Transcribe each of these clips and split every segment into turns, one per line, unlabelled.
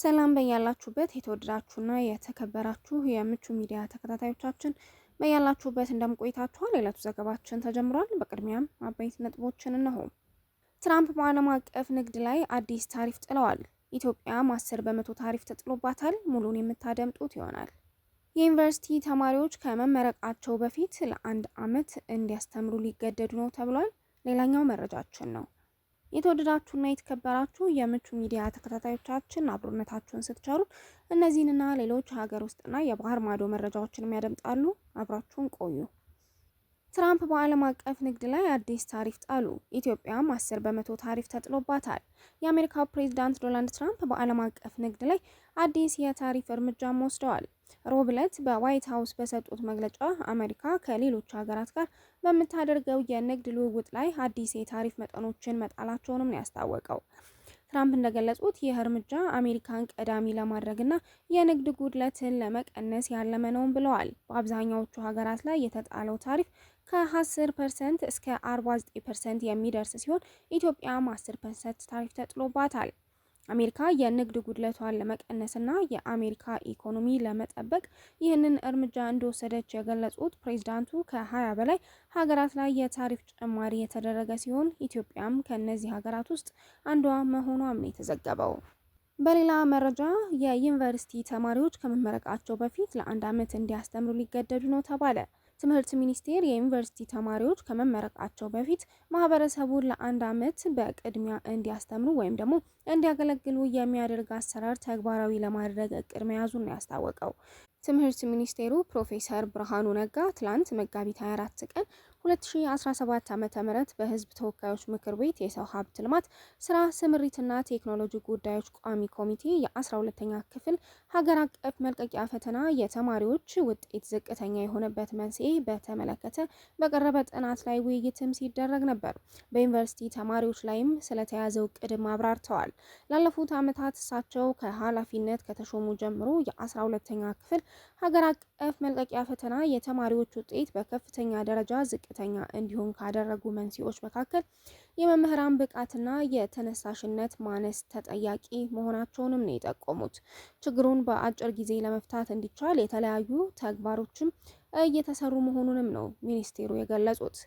ሰላም በያላችሁበት የተወደዳችሁና የተከበራችሁ የምቹ ሚዲያ ተከታታዮቻችን በያላችሁበት እንደምቆይታችኋል። የዕለቱ ዘገባችን ተጀምሯል። በቅድሚያም አበይት ነጥቦችን እነሆ። ትራምፕ በዓለም አቀፍ ንግድ ላይ አዲስ ታሪፍ ጥለዋል። ኢትዮጵያም አስር በመቶ ታሪፍ ተጥሎባታል። ሙሉን የምታደምጡት ይሆናል። የዩኒቨርሲቲ ተማሪዎች ከመመረቃቸው በፊት ለአንድ ዓመት እንዲያስተምሩ ሊገደዱ ነው ተብሏል። ሌላኛው መረጃችን ነው። የተወደዳችሁና የተከበራችሁ የምቹ ሚዲያ ተከታታዮቻችን አብሮነታችሁን ስትቸሩ እነዚህንና ሌሎች ሀገር ውስጥና የባህር ማዶ መረጃዎችን ያደምጣሉ። አብራችሁን ቆዩ። ትራምፕ በዓለም አቀፍ ንግድ ላይ አዲስ ታሪፍ ጣሉ። ኢትዮጵያም አስር በመቶ ታሪፍ ተጥሎባታል። የአሜሪካው ፕሬዚዳንት ዶናልድ ትራምፕ በዓለም አቀፍ ንግድ ላይ አዲስ የታሪፍ እርምጃም ወስደዋል። ሮብለት በዋይት ሀውስ በሰጡት መግለጫ አሜሪካ ከሌሎች ሀገራት ጋር በምታደርገው የንግድ ልውውጥ ላይ አዲስ የታሪፍ መጠኖችን መጣላቸውንም ነው ያስታወቀው። ትራምፕ እንደገለጹት ይህ እርምጃ አሜሪካን ቀዳሚ ለማድረግና የንግድ ጉድለትን ለመቀነስ ያለመ ነውም ብለዋል። በአብዛኛዎቹ ሀገራት ላይ የተጣለው ታሪፍ ከ10 ፐርሰንት እስከ 49 ፐርሰንት የሚደርስ ሲሆን ኢትዮጵያም 10 ፐርሰንት ታሪፍ ተጥሎባታል። አሜሪካ የንግድ ጉድለቷን ለመቀነስና የአሜሪካ ኢኮኖሚ ለመጠበቅ ይህንን እርምጃ እንደወሰደች የገለጹት ፕሬዚዳንቱ ከ20 በላይ ሀገራት ላይ የታሪፍ ጭማሪ የተደረገ ሲሆን ኢትዮጵያም ከእነዚህ ሀገራት ውስጥ አንዷ መሆኗም ነው የተዘገበው። በሌላ መረጃ የዩኒቨርሲቲ ተማሪዎች ከመመረቃቸው በፊት ለአንድ ዓመት እንዲያስተምሩ ሊገደዱ ነው ተባለ። ትምህርት ሚኒስቴር የዩኒቨርሲቲ ተማሪዎች ከመመረቃቸው በፊት ማህበረሰቡን ለአንድ ዓመት በቅድሚያ እንዲያስተምሩ ወይም ደግሞ እንዲያገለግሉ የሚያደርግ አሰራር ተግባራዊ ለማድረግ እቅድ መያዙን ነው ያስታወቀው። ትምህርት ሚኒስቴሩ ፕሮፌሰር ብርሃኑ ነጋ ትላንት መጋቢት 24 ቀን 2017 ዓ.ም በህዝብ ተወካዮች ምክር ቤት የሰው ሀብት ልማት ስራ ስምሪትና ቴክኖሎጂ ጉዳዮች ቋሚ ኮሚቴ የ12ኛ ክፍል ሀገር አቀፍ መልቀቂያ ፈተና የተማሪዎች ውጤት ዝቅተኛ የሆነበት መንስኤ በተመለከተ በቀረበ ጥናት ላይ ውይይትም ሲደረግ ነበር። በዩኒቨርሲቲ ተማሪዎች ላይም ስለተያዘው ቅድም አብራርተዋል። ላለፉት ዓመታት እሳቸው ከኃላፊነት ከተሾሙ ጀምሮ የ12ኛ ክፍል ሀገር አቀፍ መልቀቂያ ፈተና የተማሪዎች ውጤት በከፍተኛ ደረጃ ዝቅ ዝቅተኛ እንዲሆን ካደረጉ መንስኤዎች መካከል የመምህራን ብቃትና የተነሳሽነት ማነስ ተጠያቂ መሆናቸውንም ነው የጠቆሙት። ችግሩን በአጭር ጊዜ ለመፍታት እንዲቻል የተለያዩ ተግባሮችም እየተሰሩ መሆኑንም ነው ሚኒስቴሩ የገለጹት።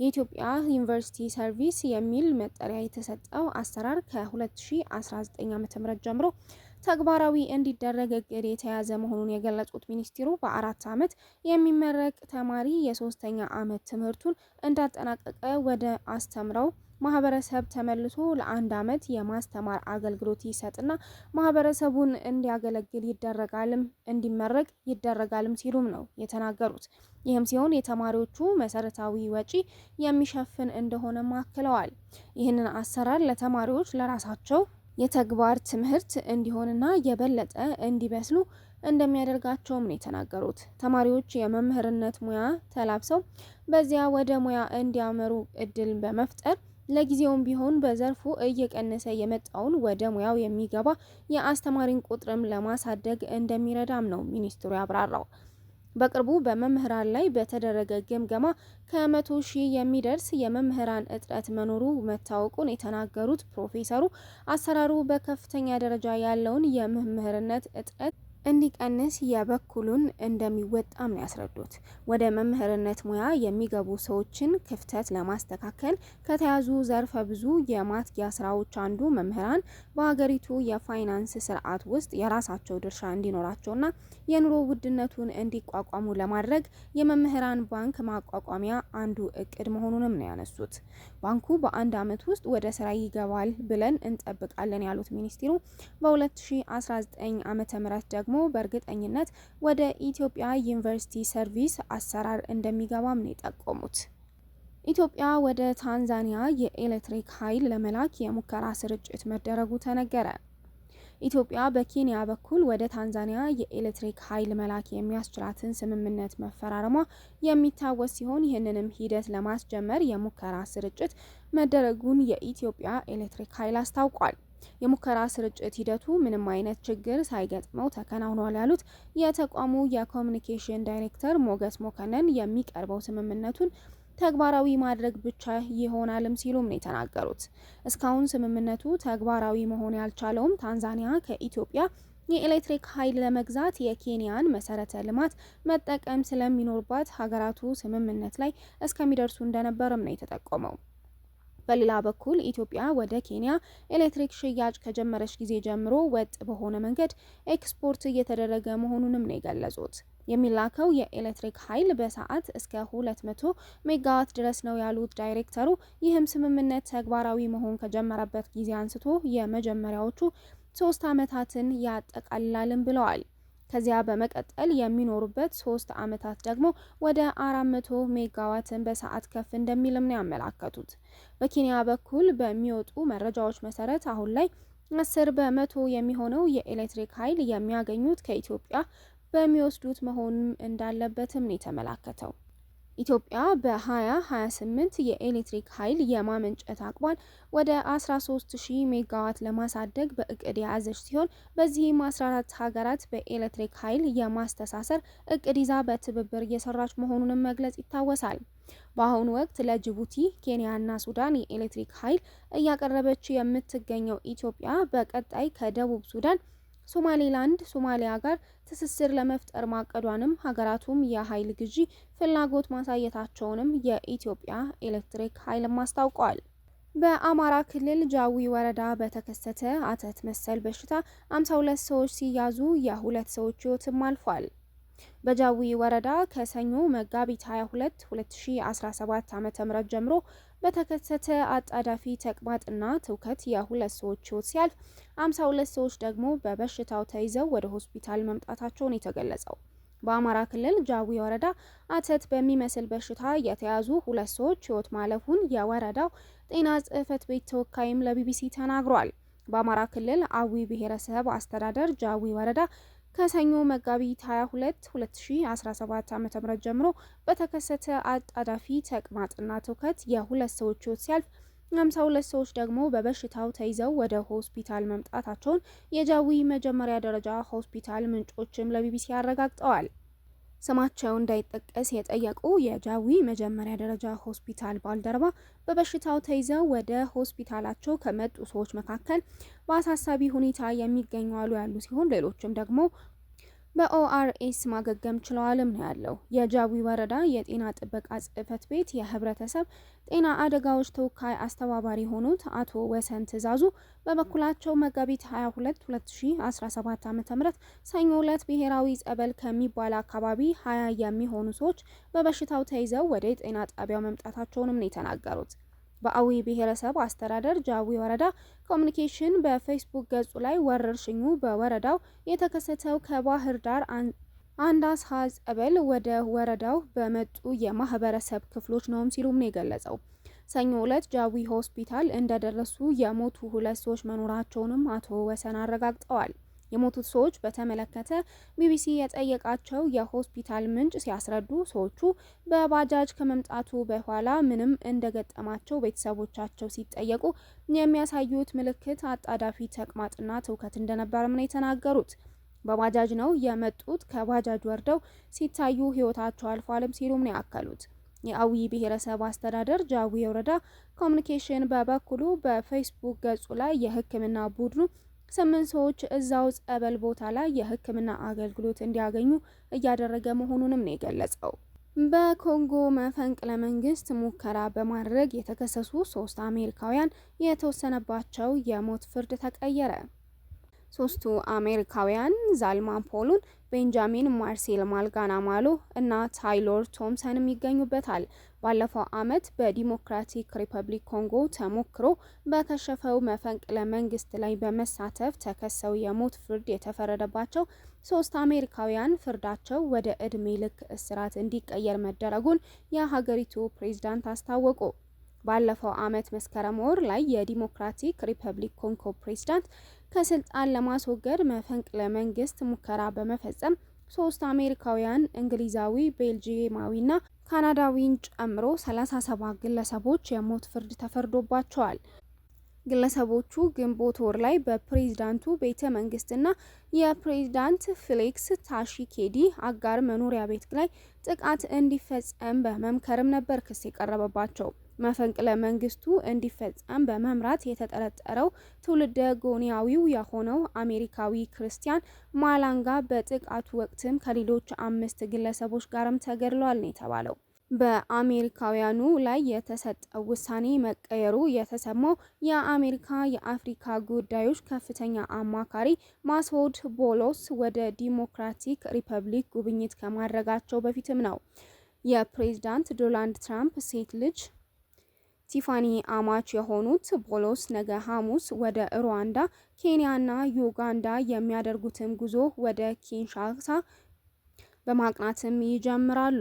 የኢትዮጵያ ዩኒቨርሲቲ ሰርቪስ የሚል መጠሪያ የተሰጠው አሰራር ከ2019 ዓ.ም ጀምሮ ተግባራዊ እንዲደረግ እቅድ የተያዘ መሆኑን የገለጹት ሚኒስትሩ በአራት ዓመት የሚመረቅ ተማሪ የሶስተኛ ዓመት ትምህርቱን እንዳጠናቀቀ ወደ አስተምረው ማህበረሰብ ተመልሶ ለአንድ ዓመት የማስተማር አገልግሎት ይሰጥና ማህበረሰቡን እንዲያገለግል ይደረጋልም እንዲመረቅ ይደረጋልም ሲሉም ነው የተናገሩት። ይህም ሲሆን የተማሪዎቹ መሰረታዊ ወጪ የሚሸፍን እንደሆነም አክለዋል። ይህንን አሰራር ለተማሪዎች ለራሳቸው የተግባር ትምህርት እንዲሆንና የበለጠ እንዲበስሉ እንደሚያደርጋቸውም ነው የተናገሩት። ተማሪዎች የመምህርነት ሙያ ተላብሰው በዚያ ወደ ሙያ እንዲያመሩ እድል በመፍጠር ለጊዜውም ቢሆን በዘርፉ እየቀነሰ የመጣውን ወደ ሙያው የሚገባ የአስተማሪን ቁጥርም ለማሳደግ እንደሚረዳም ነው ሚኒስትሩ ያብራራው። በቅርቡ በመምህራን ላይ በተደረገ ግምገማ ከመቶ ሺህ የሚደርስ የመምህራን እጥረት መኖሩ መታወቁን የተናገሩት ፕሮፌሰሩ አሰራሩ በከፍተኛ ደረጃ ያለውን የመምህርነት እጥረት እንዲቀንስ የበኩሉን እንደሚወጣም ነው ያስረዱት። ወደ መምህርነት ሙያ የሚገቡ ሰዎችን ክፍተት ለማስተካከል ከተያዙ ዘርፈ ብዙ የማትጊያ ስራዎች አንዱ መምህራን በሀገሪቱ የፋይናንስ ስርዓት ውስጥ የራሳቸው ድርሻ እንዲኖራቸውና የኑሮ ውድነቱን እንዲቋቋሙ ለማድረግ የመምህራን ባንክ ማቋቋሚያ አንዱ እቅድ መሆኑንም ነው ያነሱት። ባንኩ በአንድ ዓመት ውስጥ ወደ ስራ ይገባል ብለን እንጠብቃለን ያሉት ሚኒስትሩ በ2019 ዓ.ም ደግሞ ደግሞ በእርግጠኝነት ወደ ኢትዮጵያ ዩኒቨርሲቲ ሰርቪስ አሰራር እንደሚገባም ነው የጠቆሙት። ኢትዮጵያ ወደ ታንዛኒያ የኤሌክትሪክ ኃይል ለመላክ የሙከራ ስርጭት መደረጉ ተነገረ። ኢትዮጵያ በኬንያ በኩል ወደ ታንዛኒያ የኤሌክትሪክ ኃይል መላክ የሚያስችላትን ስምምነት መፈራረሟ የሚታወስ ሲሆን ይህንንም ሂደት ለማስጀመር የሙከራ ስርጭት መደረጉን የኢትዮጵያ ኤሌክትሪክ ኃይል አስታውቋል። የሙከራ ስርጭት ሂደቱ ምንም አይነት ችግር ሳይገጥመው ተከናውኗል ያሉት የተቋሙ የኮሚኒኬሽን ዳይሬክተር ሞገስ ሞከነን የሚቀርበው ስምምነቱን ተግባራዊ ማድረግ ብቻ ይሆናልም ሲሉም ነው የተናገሩት። እስካሁን ስምምነቱ ተግባራዊ መሆን ያልቻለውም ታንዛኒያ ከኢትዮጵያ የኤሌክትሪክ ኃይል ለመግዛት የኬንያን መሰረተ ልማት መጠቀም ስለሚኖርባት ሀገራቱ ስምምነት ላይ እስከሚደርሱ እንደነበርም ነው የተጠቆመው። በሌላ በኩል ኢትዮጵያ ወደ ኬንያ ኤሌክትሪክ ሽያጭ ከጀመረች ጊዜ ጀምሮ ወጥ በሆነ መንገድ ኤክስፖርት እየተደረገ መሆኑንም ነው የገለጹት። የሚላከው የኤሌክትሪክ ኃይል በሰዓት እስከ 200 ሜጋዋት ድረስ ነው ያሉት ዳይሬክተሩ፣ ይህም ስምምነት ተግባራዊ መሆን ከጀመረበት ጊዜ አንስቶ የመጀመሪያዎቹ ሶስት ዓመታትን ያጠቃልላልም ብለዋል። ከዚያ በመቀጠል የሚኖሩበት ሶስት አመታት ደግሞ ወደ 400 ሜጋዋትን በሰዓት ከፍ እንደሚልም ነው ያመላከቱት። በኬንያ በኩል በሚወጡ መረጃዎች መሰረት አሁን ላይ አስር በመቶ የሚሆነው የኤሌክትሪክ ኃይል የሚያገኙት ከኢትዮጵያ በሚወስዱት መሆኑም እንዳለበትም ነው የተመላከተው። ኢትዮጵያ በ2028 የኤሌክትሪክ ኃይል የማመንጨት አቅሟን ወደ 13000 ሜጋዋት ለማሳደግ በእቅድ የያዘች ሲሆን በዚህም 14 ሀገራት በኤሌክትሪክ ኃይል የማስተሳሰር እቅድ ይዛ በትብብር እየሰራች መሆኑንም መግለጽ ይታወሳል። በአሁኑ ወቅት ለጅቡቲ፣ ኬንያና ሱዳን የኤሌክትሪክ ኃይል እያቀረበች የምትገኘው ኢትዮጵያ በቀጣይ ከደቡብ ሱዳን ሶማሌላንድ ሶማሊያ ጋር ትስስር ለመፍጠር ማቀዷንም ሀገራቱም የኃይል ግዢ ፍላጎት ማሳየታቸውንም የኢትዮጵያ ኤሌክትሪክ ኃይልም አስታውቋል። በአማራ ክልል ጃዊ ወረዳ በተከሰተ አተት መሰል በሽታ 52 ሰዎች ሲያዙ የሁለት ሰዎች ሕይወትም አልፏል። በጃዊ ወረዳ ከሰኞ መጋቢት 22 2017 ዓ.ም ጀምሮ በተከሰተ አጣዳፊ ተቅማጥና ትውከት የሁለት ሰዎች ሕይወት ሲያልፍ 52 ሰዎች ደግሞ በበሽታው ተይዘው ወደ ሆስፒታል መምጣታቸውን የተገለጸው በአማራ ክልል ጃዊ ወረዳ አተት በሚመስል በሽታ የተያዙ ሁለት ሰዎች ሕይወት ማለፉን የወረዳው ጤና ጽህፈት ቤት ተወካይም ለቢቢሲ ተናግሯል። በአማራ ክልል አዊ ብሔረሰብ አስተዳደር ጃዊ ወረዳ ከሰኞ መጋቢት 22 2017 ዓ.ም ጀምሮ በተከሰተ አጣዳፊ ተቅማጥና ትውከት የሁለት ሰዎች ህይወት ሲያልፍ 52 ሰዎች ደግሞ በበሽታው ተይዘው ወደ ሆስፒታል መምጣታቸውን የጃዊ መጀመሪያ ደረጃ ሆስፒታል ምንጮችም ለቢቢሲ አረጋግጠዋል። ስማቸው እንዳይጠቀስ የጠየቁ የጃዊ መጀመሪያ ደረጃ ሆስፒታል ባልደረባ በበሽታው ተይዘው ወደ ሆስፒታላቸው ከመጡ ሰዎች መካከል በአሳሳቢ ሁኔታ የሚገኙ አሉ ያሉ ሲሆን ሌሎችም ደግሞ በኦአርኤስ ማገገም ችለዋልም ነው ያለው። የጃዊ ወረዳ የጤና ጥበቃ ጽሕፈት ቤት የህብረተሰብ ጤና አደጋዎች ተወካይ አስተባባሪ የሆኑት አቶ ወሰን ትእዛዙ በበኩላቸው መጋቢት 22 2017 ዓ.ም ሰኞ ዕለት ብሔራዊ ጸበል ከሚባል አካባቢ 20 የሚሆኑ ሰዎች በበሽታው ተይዘው ወደ ጤና ጣቢያው መምጣታቸውንም ነው የተናገሩት። በአዊ ብሔረሰብ አስተዳደር ጃዊ ወረዳ ኮሚኒኬሽን በፌስቡክ ገጹ ላይ ወረርሽኙ በወረዳው የተከሰተው ከባህር ዳር አንድ አስሃ ጸበል ወደ ወረዳው በመጡ የማህበረሰብ ክፍሎች ነውም ሲሉም ነው የገለጸው። ሰኞ ዕለት ጃዊ ሆስፒታል እንደደረሱ የሞቱ ሁለት ሰዎች መኖራቸውንም አቶ ወሰን አረጋግጠዋል። የሞቱት ሰዎች በተመለከተ ቢቢሲ የጠየቃቸው የሆስፒታል ምንጭ ሲያስረዱ ሰዎቹ በባጃጅ ከመምጣቱ በኋላ ምንም እንደገጠማቸው ቤተሰቦቻቸው ሲጠየቁ የሚያሳዩት ምልክት አጣዳፊ ተቅማጥና ትውከት እንደነበረም ነው የተናገሩት። በባጃጅ ነው የመጡት፣ ከባጃጅ ወርደው ሲታዩ ህይወታቸው አልፏልም ሲሉም ነው ያከሉት። የአዊ ብሔረሰብ አስተዳደር ጃዊ ወረዳ ኮሚኒኬሽን በበኩሉ በፌስቡክ ገጹ ላይ የሕክምና ቡድኑ ስምንት ሰዎች እዛው ጸበል ቦታ ላይ የህክምና አገልግሎት እንዲያገኙ እያደረገ መሆኑንም ነው የገለጸው። በኮንጎ መፈንቅለ መንግስት ሙከራ በማድረግ የተከሰሱ ሶስት አሜሪካውያን የተወሰነባቸው የሞት ፍርድ ተቀየረ። ሶስቱ አሜሪካውያን ዛልማን ፖሉን፣ ቤንጃሚን ማርሴል ማልጋና ማሎ እና ታይሎር ቶምሰንም ይገኙበታል። ባለፈው ዓመት በዲሞክራቲክ ሪፐብሊክ ኮንጎ ተሞክሮ በከሸፈው መፈንቅለ መንግስት ላይ በመሳተፍ ተከሰው የሞት ፍርድ የተፈረደባቸው ሶስት አሜሪካውያን ፍርዳቸው ወደ ዕድሜ ልክ እስራት እንዲቀየር መደረጉን የሀገሪቱ ፕሬዝዳንት አስታወቁ። ባለፈው ዓመት መስከረም ወር ላይ የዲሞክራቲክ ሪፐብሊክ ኮንጎ ፕሬዝዳንት ከስልጣን ለማስወገድ መፈንቅለ መንግስት ሙከራ በመፈጸም ሶስት አሜሪካውያን እንግሊዛዊ፣ ቤልጂየማዊና ካናዳዊን ጨምሮ 37 ግለሰቦች የሞት ፍርድ ተፈርዶባቸዋል። ግለሰቦቹ ግንቦት ወር ላይ በፕሬዝዳንቱ ቤተ መንግስትና የፕሬዝዳንት ፌሊክስ ታሺኬዲ አጋር መኖሪያ ቤት ላይ ጥቃት እንዲፈጸም በመምከርም ነበር ክስ የቀረበባቸው። መፈንቅለ መንግስቱ እንዲፈጸም በመምራት የተጠረጠረው ትውልደ ጎኒያዊው የሆነው አሜሪካዊ ክርስቲያን ማላንጋ በጥቃቱ ወቅትም ከሌሎች አምስት ግለሰቦች ጋርም ተገድሏል ነው የተባለው። በአሜሪካውያኑ ላይ የተሰጠው ውሳኔ መቀየሩ የተሰማው የአሜሪካ የአፍሪካ ጉዳዮች ከፍተኛ አማካሪ ማስወድ ቦሎስ ወደ ዲሞክራቲክ ሪፐብሊክ ጉብኝት ከማድረጋቸው በፊትም ነው። የፕሬዝዳንት ዶናልድ ትራምፕ ሴት ልጅ ስቲፋኒ አማች የሆኑት ቦሎስ ነገ ሐሙስ ወደ ሩዋንዳ፣ ኬንያና ዩጋንዳ የሚያደርጉትን ጉዞ ወደ ኪንሻሳ በማቅናትም ይጀምራሉ።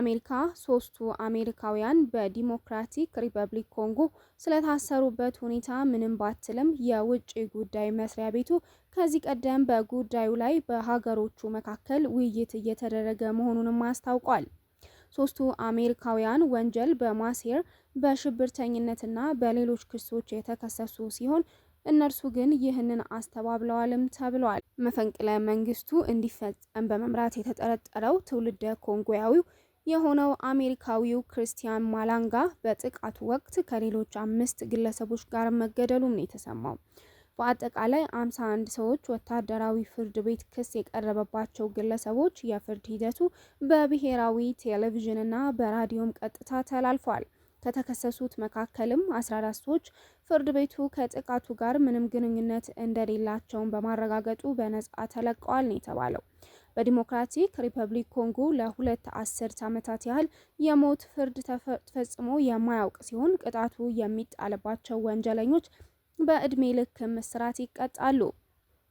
አሜሪካ ሶስቱ አሜሪካውያን በዲሞክራቲክ ሪፐብሊክ ኮንጎ ስለታሰሩበት ሁኔታ ምንም ባትልም የውጭ ጉዳይ መስሪያ ቤቱ ከዚህ ቀደም በጉዳዩ ላይ በሀገሮቹ መካከል ውይይት እየተደረገ መሆኑንም አስታውቋል። ሶስቱ አሜሪካውያን ወንጀል በማሴር በሽብርተኝነትና በሌሎች ክሶች የተከሰሱ ሲሆን እነርሱ ግን ይህንን አስተባብለዋልም ተብለዋል። መፈንቅለ መንግስቱ እንዲፈጸም በመምራት የተጠረጠረው ትውልደ ኮንጎያዊው የሆነው አሜሪካዊው ክርስቲያን ማላንጋ በጥቃቱ ወቅት ከሌሎች አምስት ግለሰቦች ጋር መገደሉም ነው የተሰማው። በአጠቃላይ 51 ሰዎች ወታደራዊ ፍርድ ቤት ክስ የቀረበባቸው ግለሰቦች የፍርድ ሂደቱ በብሔራዊ ቴሌቪዥንና በራዲዮም ቀጥታ ተላልፏል። ከተከሰሱት መካከልም 14 ሰዎች ፍርድ ቤቱ ከጥቃቱ ጋር ምንም ግንኙነት እንደሌላቸውን በማረጋገጡ በነጻ ተለቀዋል ነው የተባለው። በዲሞክራቲክ ሪፐብሊክ ኮንጎ ለሁለት አስርት ዓመታት ያህል የሞት ፍርድ ተፈጽሞ የማያውቅ ሲሆን ቅጣቱ የሚጣልባቸው ወንጀለኞች በእድሜ ልክ እስራት ይቀጣሉ።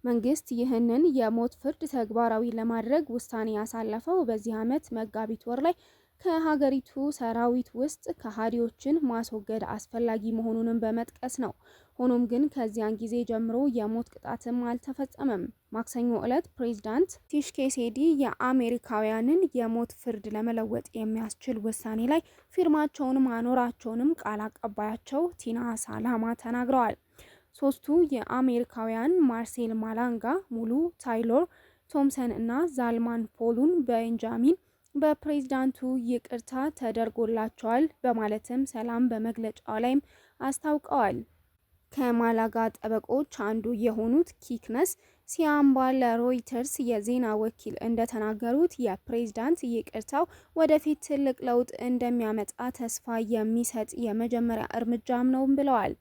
መንግስት ይህንን የሞት ፍርድ ተግባራዊ ለማድረግ ውሳኔ ያሳለፈው በዚህ ዓመት መጋቢት ወር ላይ ከሀገሪቱ ሰራዊት ውስጥ ከሃዲዎችን ማስወገድ አስፈላጊ መሆኑንም በመጥቀስ ነው። ሆኖም ግን ከዚያን ጊዜ ጀምሮ የሞት ቅጣትም አልተፈጸመም። ማክሰኞ ዕለት ፕሬዝዳንት ቲሽኬሴዲ የአሜሪካውያንን የሞት ፍርድ ለመለወጥ የሚያስችል ውሳኔ ላይ ፊርማቸውን ማኖራቸውንም ቃል አቀባያቸው ቲና ሳላማ ተናግረዋል። ሶስቱ የአሜሪካውያን ማርሴል ማላንጋ፣ ሙሉ ታይሎር ቶምሰን እና ዛልማን ፖሉን ቤንጃሚን በፕሬዚዳንቱ ይቅርታ ተደርጎላቸዋል በማለትም ሰላም በመግለጫው ላይም አስታውቀዋል። ከማላጋ ጠበቆች አንዱ የሆኑት ኪክነስ ሲያምባ ለሮይተርስ የዜና ወኪል እንደተናገሩት የፕሬዝዳንት ይቅርታው ወደፊት ትልቅ ለውጥ እንደሚያመጣ ተስፋ የሚሰጥ የመጀመሪያ እርምጃም ነው ብለዋል።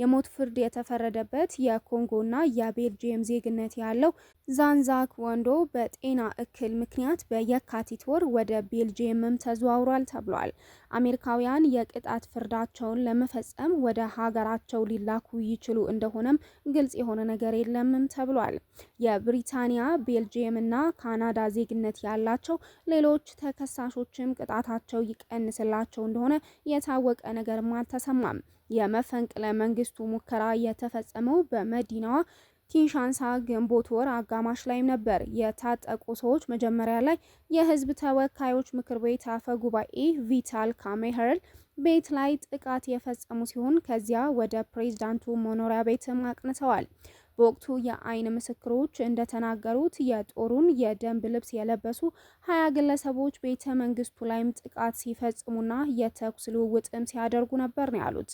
የሞት ፍርድ የተፈረደበት የኮንጎና የቤልጂየም ዜግነት ያለው ዛንዛክ ወንዶ በጤና እክል ምክንያት በየካቲት ወር ወደ ቤልጅየምም ተዘዋውሯል ተብሏል። አሜሪካውያን የቅጣት ፍርዳቸውን ለመፈጸም ወደ ሀገራቸው ሊላኩ ይችሉ እንደሆነም ግልጽ የሆነ ነገር የለምም ተብሏል። የብሪታንያ ቤልጅየም እና ካናዳ ዜግነት ያላቸው ሌሎች ተከሳሾችም ቅጣታቸው ይቀንስላቸው እንደሆነ የታወቀ ነገርም አልተሰማም። የመፈንቅለ መንግስቱ ሙከራ የተፈጸመው በመዲናዋ ኪንሻንሳ ግንቦት ወር አጋማሽ ላይም ነበር የታጠቁ ሰዎች መጀመሪያ ላይ የህዝብ ተወካዮች ምክር ቤት አፈ ጉባኤ ቪታል ካሜሄርል ቤት ላይ ጥቃት የፈጸሙ ሲሆን ከዚያ ወደ ፕሬዝዳንቱ መኖሪያ ቤትም አቅንተዋል። በወቅቱ የአይን ምስክሮች እንደተናገሩት የጦሩን የደንብ ልብስ የለበሱ ሀያ ግለሰቦች ቤተ መንግስቱ ላይም ጥቃት ሲፈጽሙና የተኩስ ልውውጥም ሲያደርጉ ነበር ነው ያሉት።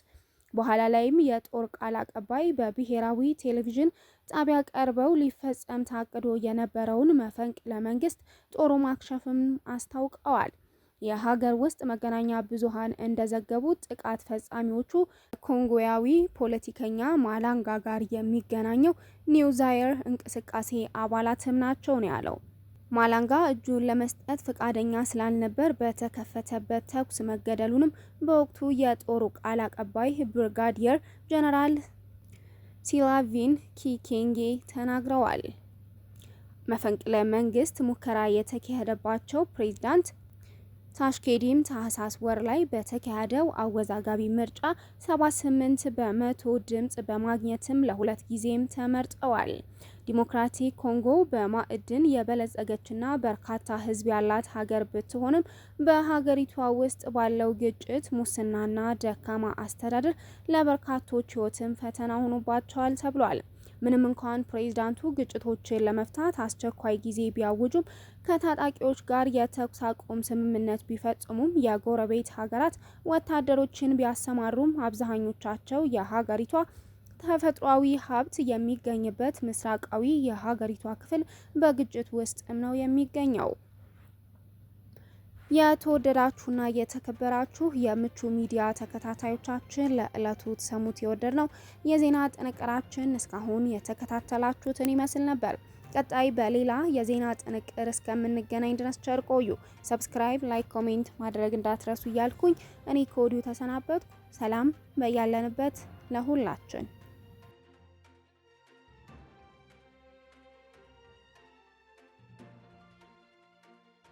በኋላ ላይም የጦር ቃል አቀባይ በብሔራዊ ቴሌቪዥን ጣቢያ ቀርበው ሊፈጸም ታቅዶ የነበረውን መፈንቅለ መንግስት ጦሩ ማክሸፍም አስታውቀዋል። የሀገር ውስጥ መገናኛ ብዙሃን እንደዘገቡት ጥቃት ፈጻሚዎቹ ኮንጎያዊ ፖለቲከኛ ማላንጋ ጋር የሚገናኘው ኒውዛየር እንቅስቃሴ አባላትም ናቸው ነው ያለው። ማላንጋ እጁን ለመስጠት ፈቃደኛ ስላልነበር በተከፈተበት ተኩስ መገደሉንም በወቅቱ የጦሩ ቃል አቀባይ ብርጋዲየር ጀነራል ሲላቪን ኪኬንጌ ተናግረዋል። መፈንቅለ መንግስት ሙከራ የተካሄደባቸው ፕሬዝዳንት ታሽኬዲም ታህሳስ ወር ላይ በተካሄደው አወዛጋቢ ምርጫ 78 በመቶ ድምፅ በማግኘትም ለሁለት ጊዜም ተመርጠዋል። ዲሞክራቲክ ኮንጎ በማዕድን የበለጸገችና በርካታ ሕዝብ ያላት ሀገር ብትሆንም በሀገሪቷ ውስጥ ባለው ግጭት፣ ሙስናና ደካማ አስተዳደር ለበርካቶች ሕይወትም ፈተና ሆኖባቸዋል ተብሏል። ምንም እንኳን ፕሬዝዳንቱ ግጭቶችን ለመፍታት አስቸኳይ ጊዜ ቢያውጁም ከታጣቂዎች ጋር የተኩስ አቁም ስምምነት ቢፈጽሙም የጎረቤት ሀገራት ወታደሮችን ቢያሰማሩም አብዛኞቻቸው የሀገሪቷ ተፈጥሯዊ ሀብት የሚገኝበት ምስራቃዊ የሀገሪቷ ክፍል በግጭት ውስጥም ነው የሚገኘው። የተወደዳችሁና የተከበራችሁ የምቹ ሚዲያ ተከታታዮቻችን ለዕለቱ ተሰሙት የወደድ ነው የዜና ጥንቅራችን እስካሁን የተከታተላችሁትን ይመስል ነበር። ቀጣይ በሌላ የዜና ጥንቅር እስከምንገናኝ ድረስ ቸር ቆዩ። ሰብስክራይብ፣ ላይክ፣ ኮሜንት ማድረግ እንዳትረሱ እያልኩኝ እኔ ከወዲሁ ተሰናበትኩ። ሰላም በያለንበት ለሁላችን